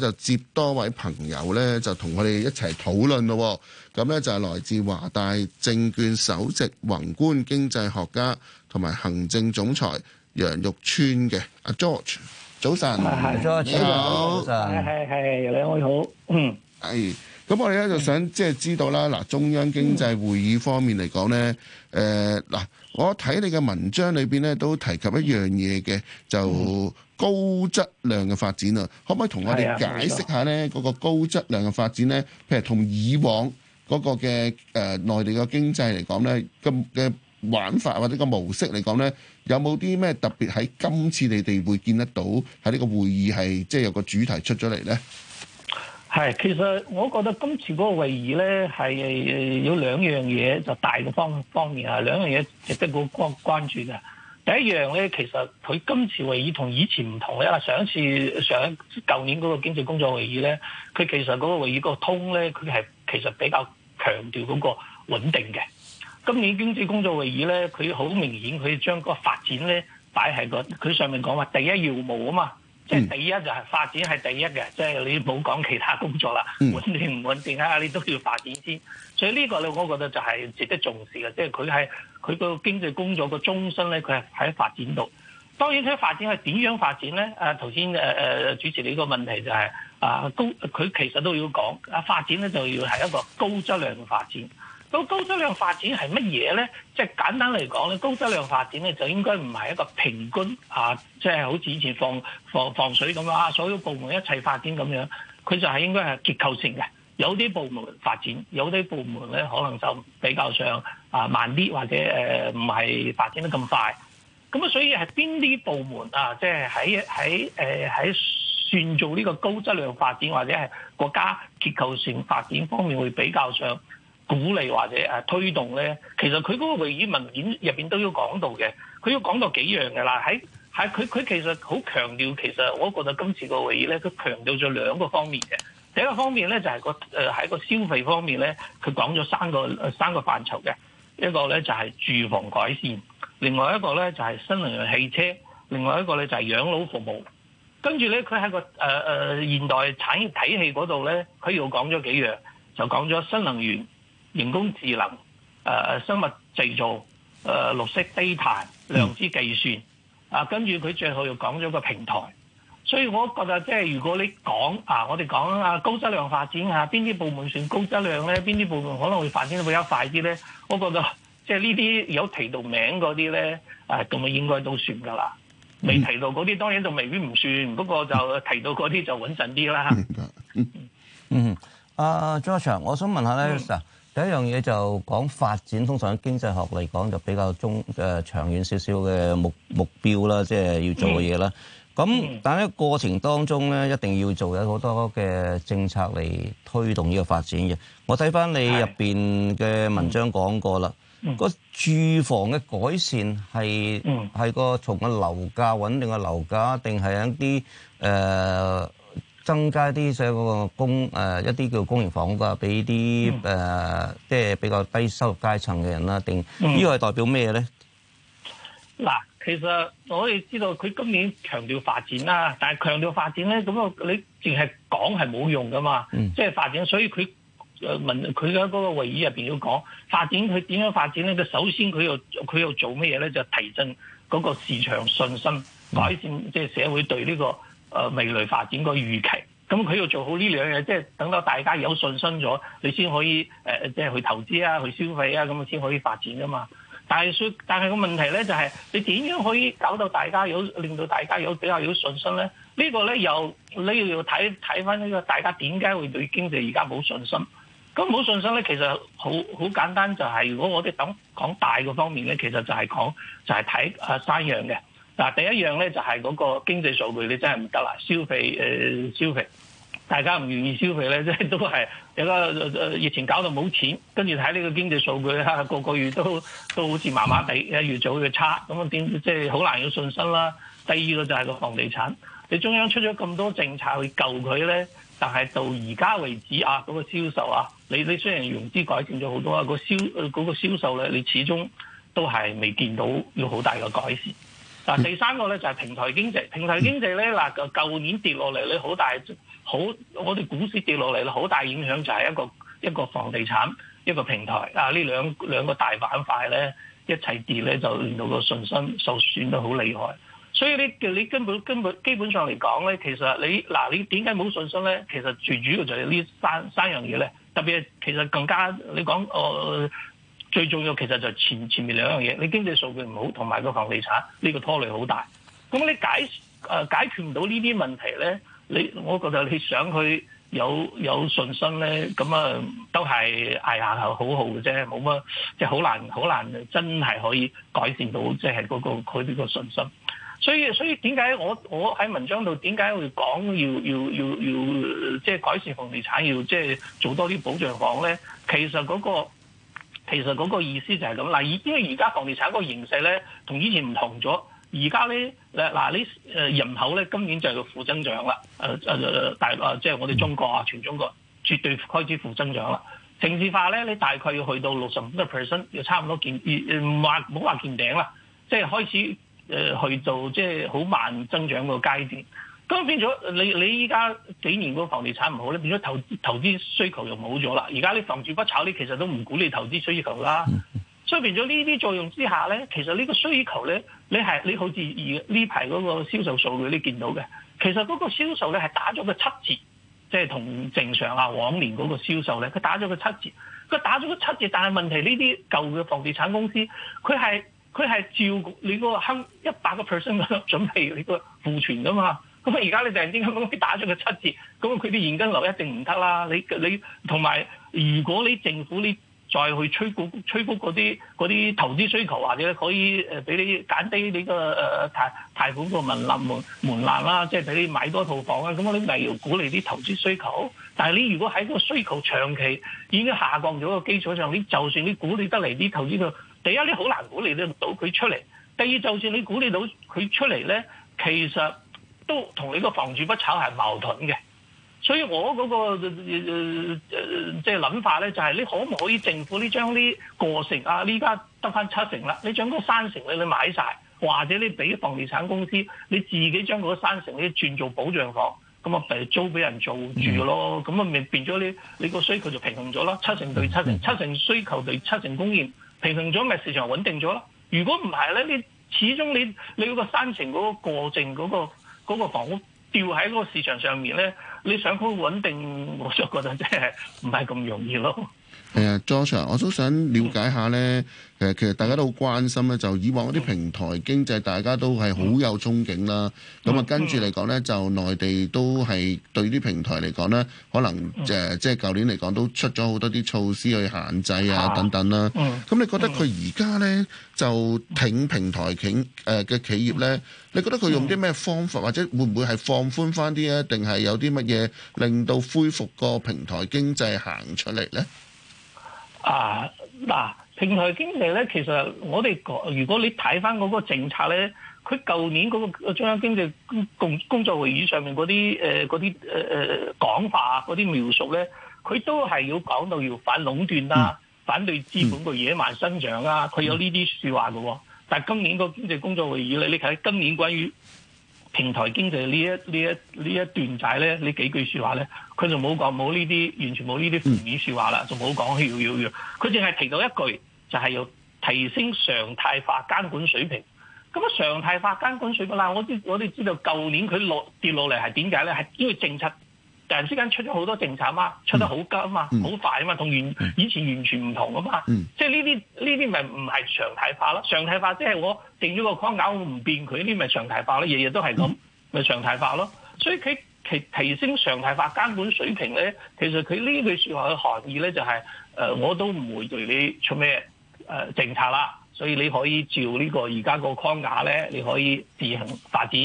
就接多位朋友咧，就同我哋一齊討論咯。咁咧就係來自華大證券首席宏觀經濟學家同埋行政總裁楊玉川嘅阿 George。早晨，早晨，你好，係兩位好。嗯，係。咁我哋咧就想即係知道啦。嗱，中央經濟會議方面嚟講咧，誒、嗯，嗱、呃，我睇你嘅文章裏邊咧都提及一樣嘢嘅就。嗯高質量嘅發展啊，可唔可以同我哋解釋一下呢？嗰、那個高質量嘅發展呢，譬如同以往嗰個嘅誒、呃、內地嘅經濟嚟講呢，嘅嘅玩法或者個模式嚟講呢，有冇啲咩特別喺今次你哋會見得到喺呢個會議係即係有個主題出咗嚟呢？係，其實我覺得今次嗰個會議咧係有兩樣嘢，就大嘅方方面啊，兩樣嘢值得我關關注嘅。第一樣呢，其實佢今次會議同以前唔同咧。因為，上一次上舊年嗰個經濟工作會議呢，佢其實嗰個會議個通呢，佢係其實比較強調嗰個穩定嘅。今年經濟工作會議呢，佢好明顯佢將個發展呢擺喺個佢上面講話第一要務啊嘛。嗯、即係第一就係發展係第一嘅，即係你冇講其他工作啦，穩定唔穩定啊，你都要發展先。所以呢個咧我覺得就係值得重視嘅，即係佢係佢個經濟工作個中心咧，佢係喺發展度。當然，佢發展係點樣發展咧？啊，頭先誒誒主持你個問題就係啊高，佢其實都要講啊發展咧，就要係一個高質量嘅發展。個高質量發展係乜嘢咧？即係簡單嚟講咧，高質量發展咧就應該唔係一個平均啊，即係好似以前放放放水咁樣啊，所有部門一齊發展咁樣，佢就係應該係結構性嘅。有啲部門發展，有啲部門咧可能就比較上啊慢啲，或者誒唔係發展得咁快。咁啊，所以係邊啲部門啊？即係喺喺誒喺算做呢個高質量發展，或者係國家結構性發展方面會比較上。鼓勵或者誒、啊、推動咧，其實佢嗰個會議文件入邊都有講到嘅，佢要講到幾樣嘅啦。喺喺佢佢其實好強調，其實我覺得今次個會議咧，佢強調咗兩個方面嘅。第一個方面咧就係個誒喺個消費方面咧，佢講咗三個三個範疇嘅，一個咧就係、是、住房改善，另外一個咧就係、是、新能源汽車，另外一個咧就係、是、養老服務。跟住咧，佢喺個誒誒、呃、現代產業體系嗰度咧，佢又講咗幾樣，就講咗新能源。人工智能、誒、呃、生物製造、誒、呃、綠色低碳、量子計算，嗯、啊，跟住佢最後又講咗個平台，所以我覺得即係如果你講啊，我哋講啊高質量發展嚇，邊啲部門算高質量咧？邊啲部門可能會發展得比較快啲咧？我覺得即係呢啲有提到名嗰啲咧，啊咁啊應該都算㗎啦。未提到嗰啲、嗯、當然就未必唔算，不、那、過、個、就提到嗰啲就穩陣啲啦。嗯，阿張卓祥，啊、Joshua，我想問下咧，sir。嗯啊第一樣嘢就講發展，通常喺經濟學嚟講就比較中誒、呃、長遠少少嘅目目標啦，即係要做嘅嘢啦。咁、嗯、但喺過程當中咧，一定要做有好多嘅政策嚟推動呢個發展嘅。我睇翻你入邊嘅文章講過啦，個住房嘅改善係係、嗯、個從個樓價穩定嘅樓價，定係一啲誒？呃增加啲即係嗰個公一啲、呃、叫公營房嘅，俾啲誒即係比較低收入階層嘅人啦。定呢個係代表咩咧？嗱，其實我哋知道佢今年強調發展啦，但係強調發展咧，咁啊你淨係講係冇用噶嘛。即、嗯、係、就是、發展，所以佢問佢喺嗰個會議入邊要講發展，佢點樣發展咧？佢首先佢又佢又做咩嘢咧？就是、提振嗰個市場信心，嗯、改善即係、就是、社會對呢、這個。誒未來發展個預期，咁佢要做好呢兩樣嘢，即係等到大家有信心咗，你先可以、呃、即係去投資啊，去消費啊，咁先可以發展噶嘛。但係但係個問題咧就係、是，你點樣可以搞到大家有，令到大家有比較有信心咧？這個、呢個咧又你要要睇睇返呢個大家點解會對經濟而家冇信心？咁冇信心咧，其實好好簡單、就是，就係如果我哋講講大嘅方面咧，其實就係講就係睇三樣嘅。嗱，第一樣咧就係嗰個經濟數據，你真係唔得啦。消費誒、呃、消費大家唔願意消費咧，即係都係有個疫情搞到冇錢，跟住睇呢個經濟數據咧，個個月都都好似麻麻地，一月越做越差，咁啊點即係好難有信心啦。第二個就係個房地產，你中央出咗咁多政策去救佢咧，但係到而家為止啊，嗰、嗰個銷售啊，你你雖然融資改善咗好多啊，嗰、嗰個嗰個銷售咧，你始終都係未見到有好大嘅改善。嗱，第三個咧就係平台經濟，平台經濟咧嗱，個舊年跌落嚟咧好大，好我哋股市跌落嚟咧好大影響，就係一個一個房地產一個平台啊，呢兩兩個大板塊咧一齊跌咧，就令到個信心受損得好厲害。所以你，你根本根本基本上嚟講咧，其實你嗱你點解冇信心咧？其實最主要就係呢三三樣嘢咧，特別係其實更加你講哦。呃最重要其實就係前前面兩樣嘢，你經濟數據唔好，同埋個房地產呢、這個拖累好大。咁你解誒、呃、解決唔到呢啲問題咧，你我覺得你想佢有有信心咧，咁啊都係挨下口號嘅好啫，冇乜即係好難好難真係可以改善到即係嗰個佢呢個信心。所以所以點解我我喺文章度點解會講要要要要即係、就是、改善房地產，要即係、就是、做多啲保障房咧？其實嗰、那個。其實嗰個意思就係咁，嗱，因為而家房地產嗰個形勢咧，同以前唔同咗。而家咧，嗱嗱呢誒人口咧，今年就係個負增長啦。誒誒大即係我哋中國啊，全中國絕對開始負增長啦。城市化咧，你大概要去到六十五個 percent，要差唔多見，唔話唔好話見頂啦，即係開始誒去做，即係好慢增長個階段。咁變咗，你你依家幾年個房地產唔好咧，變咗投投資需求又冇咗啦。而家你房住不炒你其實都唔估你投資需求啦。所以變咗呢啲作用之下咧，其實呢個需求咧，你係你好似而呢排嗰個銷售數據你見到嘅，其實嗰個銷售咧係打咗個七折，即係同正常啊往年嗰個銷售咧，佢打咗個七折，佢打咗個七折。但係問題呢啲舊嘅房地產公司，佢係佢係照你個個一百個 percent 嘅準備呢個庫存噶嘛。咁而家你突然之間嗰打出個七折，咁佢啲現金流一定唔得啦！你你同埋，如果你政府你再去吹鼓吹谷嗰啲嗰啲投資需求，或者可以誒俾、呃、你減低你個誒貸貸款個門檻門門檻啦，即係俾你買多套房啊！咁你例如鼓勵啲投資需求，但係你如果喺個需求長期已經下降咗嘅基礎上，你就算你鼓勵得嚟啲投資佢，第一你好難鼓勵得到佢出嚟；第二，就算你鼓勵到佢出嚟咧，其實。都同你個房住不炒係矛盾嘅，所以我嗰、那個即係諗法咧，就係、是就是、你可唔可以政府呢？將呢個成啊，呢家得返七成啦，你將嗰三成你買晒，或者你俾房地產公司你自己將嗰三成咧轉做保障房，咁啊，咪租俾人做住咯。咁啊，咪變咗你你個需求就平衡咗咯。七成對七成、嗯嗯，七成需求對七成供應平衡咗，咪市場穩定咗咯。如果唔係咧，你始終你你個三成嗰個過剩嗰個。那個嗰、嗰個房屋掉喺嗰個市場上面咧，你想好穩定，我就覺得真係唔係咁容易咯。誒，Josh，我都想了解下咧。誒，其實大家都好關心咧，就以往嗰啲平台經濟，大家都係好有憧憬啦。咁啊，跟住嚟講咧，就內地都係對啲平台嚟講咧，可能即係舊年嚟講都出咗好多啲措施去限制啊，等等啦。咁你覺得佢而家咧就挺平台挺誒嘅企業咧？你覺得佢用啲咩方法，或者會唔會係放寬翻啲啊？定係有啲乜嘢令到恢復個平台經濟行出嚟咧？啊嗱，平台經濟咧，其實我哋講，如果你睇翻嗰個政策咧，佢舊年嗰個中央經濟工工作會議上面嗰啲誒嗰啲誒誒講法啊，嗰、呃、啲、呃、描述咧，佢都係要講到要反壟斷啦、啊嗯，反對資本嘅野蠻生長啊，佢、嗯、有呢啲説話嘅喎、哦。但係今年個經濟工作會議咧，你睇今年關於平台經濟呢一呢一呢一段仔咧，呢幾句話呢說話咧，佢就冇講冇呢啲，完全冇呢啲負面說話啦，就冇講要要要，佢淨係提到一句，就係、是、要提升常態化監管水平。咁啊，常態化監管水平啦，我知我哋知道舊年佢落跌落嚟係點解咧？係因為政策。突然之間出咗好多政策嘛，出得好急啊嘛，好快啊嘛，同完以前完全唔同啊嘛， 即係呢啲呢啲咪唔係常態化咯，常態化即係我定咗個框架，我唔變佢，呢啲咪常態化咯，日日都係咁，咪 常態化咯。所以佢提提升常態化監管水平咧，其實佢呢句說話嘅含義咧就係、是，誒、呃、我都唔會對你出咩誒、呃、政策啦，所以你可以照個呢個而家個框架咧，你可以自行發展。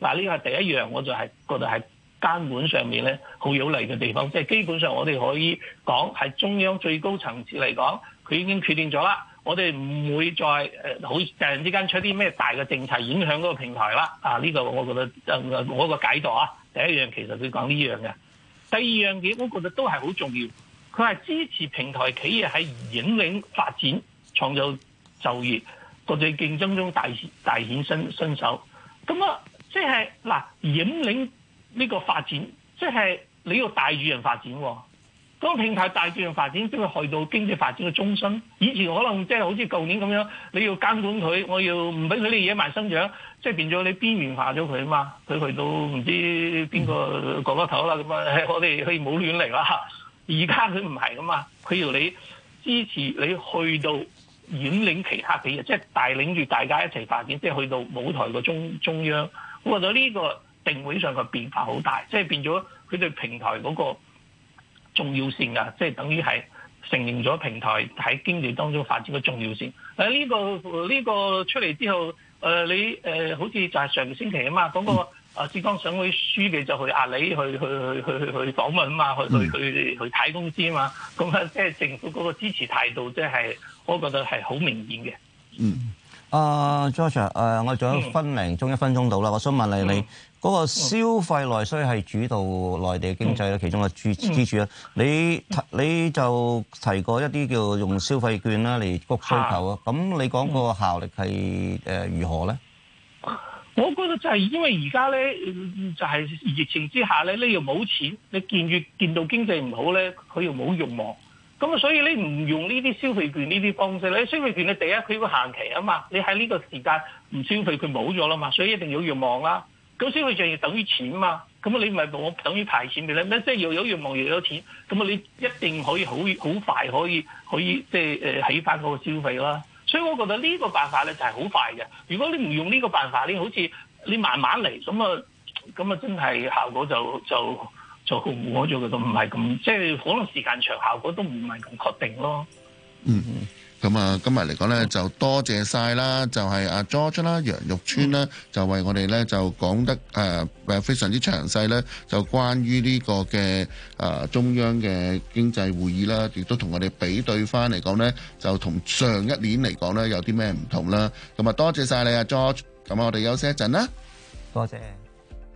嗱呢個係第一樣我就係覺得係。監管上面咧，好有利嘅地方，即係基本上我哋可以講係中央最高層次嚟講，佢已經決定咗啦。我哋唔會再、呃、好突然之間出啲咩大嘅政策影響嗰個平台啦。啊，呢、這個我覺得誒、呃、我個解讀啊，第一樣其實佢講呢樣嘅，第二樣嘢我覺得都係好重要。佢係支持平台企業喺引領發展、創造就業、國際競爭中大大顯身身手。咁啊，即係嗱引領。呢、這個發展即係你要帶住人發展，喎。個平台帶住人發展，都會去到經濟發展嘅中心。以前可能即係好似舊年咁樣，你要監管佢，我要唔俾佢啲野蠻生長，即係變咗你邊緣化咗佢啊嘛。佢去到唔知邊個角落頭啦咁啊，嗯、我哋去冇亂嚟啦。而家佢唔係噶嘛，佢要你支持你去到引領其他嘅，即係帶領住大家一齊發展，即係去到舞台嘅中中央。我覺得呢、這個。定會上嘅變化好大，即係變咗佢對平台嗰個重要性啊！即係等於係承認咗平台喺經濟當中發展嘅重要性。喺、這、呢個呢、這個出嚟之後，誒、呃、你誒、呃、好似就係上個星期啊嘛，講、那個浙江省委書記就去阿里去去去去去訪問啊嘛，去、嗯、去去去睇公司啊嘛，咁啊即係政府嗰個支持態度、就是，即係我覺得係好明顯嘅。嗯，啊、uh,，Joshua，、uh, 我仲有分零鐘、嗯、一分鐘到啦，我想問你、嗯、你。嗰、那個消費內需係主導內地嘅經濟咧、嗯，其中嘅主支柱啦。你你就提過一啲叫用消費券啦嚟谷需求啊。咁你講個效力係誒如何咧？我覺得就係因為而家咧，就係、是、疫情之下咧，你又冇錢，你見越見到經濟唔好咧，佢又冇欲望，咁啊，所以你唔用呢啲消費券呢啲方式咧，你消費券你第一佢有限期啊嘛，你喺呢個時間唔消費佢冇咗啦嘛，所以一定要有欲望啦。咁消費上要等於錢嘛，咁你唔係望等於派錢畀你咩？即係又有樣望又有錢咁啊？你一定可以好好快可以可以即係誒起翻嗰個消費啦。所以我覺得呢個辦法咧就係好快嘅。如果你唔用呢個辦法，你好似你慢慢嚟咁啊，咁啊真係效果就就就冇咗嘅都唔係咁，即係可能、就是、時間長效果都唔係咁確定咯。嗯。咁啊，今日嚟講呢就多謝晒啦，就係阿 George 啦、楊玉川啦，就為我哋呢就講得誒誒非常之詳細呢，就關於呢個嘅誒中央嘅經濟會議啦，亦都同我哋比對返嚟講呢，就同上一年嚟講呢有啲咩唔同啦。咁啊，多謝晒你阿 George。咁啊，我哋休息一陣啦。多謝。